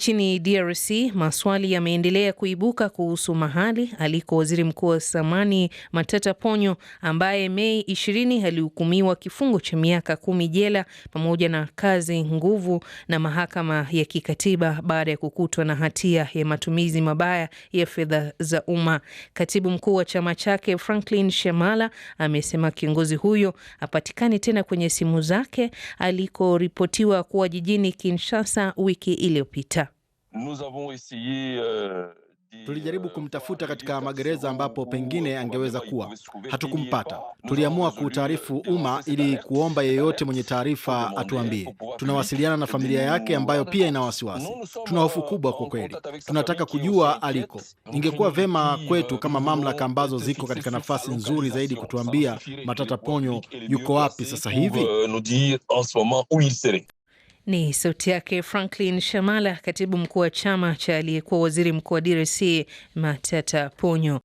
Nchini DRC maswali yameendelea kuibuka kuhusu mahali aliko waziri mkuu wa zamani Matata Ponyo ambaye Mei 20 alihukumiwa kifungo cha miaka kumi jela pamoja na kazi nguvu na mahakama ya kikatiba baada ya kukutwa na hatia ya matumizi mabaya ya fedha za umma. Katibu mkuu wa chama chake Franklin Shemala amesema kiongozi huyo apatikani tena kwenye simu zake alikoripotiwa kuwa jijini Kinshasa wiki iliyopita. Euh, Tulijaribu euh, kumtafuta katika magereza ambapo pengine angeweza kuwa, hatukumpata. Tuliamua kuutaarifu umma ili kuomba yeyote mwenye taarifa atuambie. Tunawasiliana na familia yake ambayo pia ina wasiwasi. Tuna hofu kubwa kwa kweli, tunataka kujua aliko. Ingekuwa vema kwetu euh, kama mamlaka ambazo ziko katika nafasi nzuri zaidi kutuambia Matata Ponyo yuko wapi sasa hivi. Ni sauti yake Franklin Shamala, katibu mkuu wa chama cha aliyekuwa waziri mkuu wa DRC Matata Ponyo.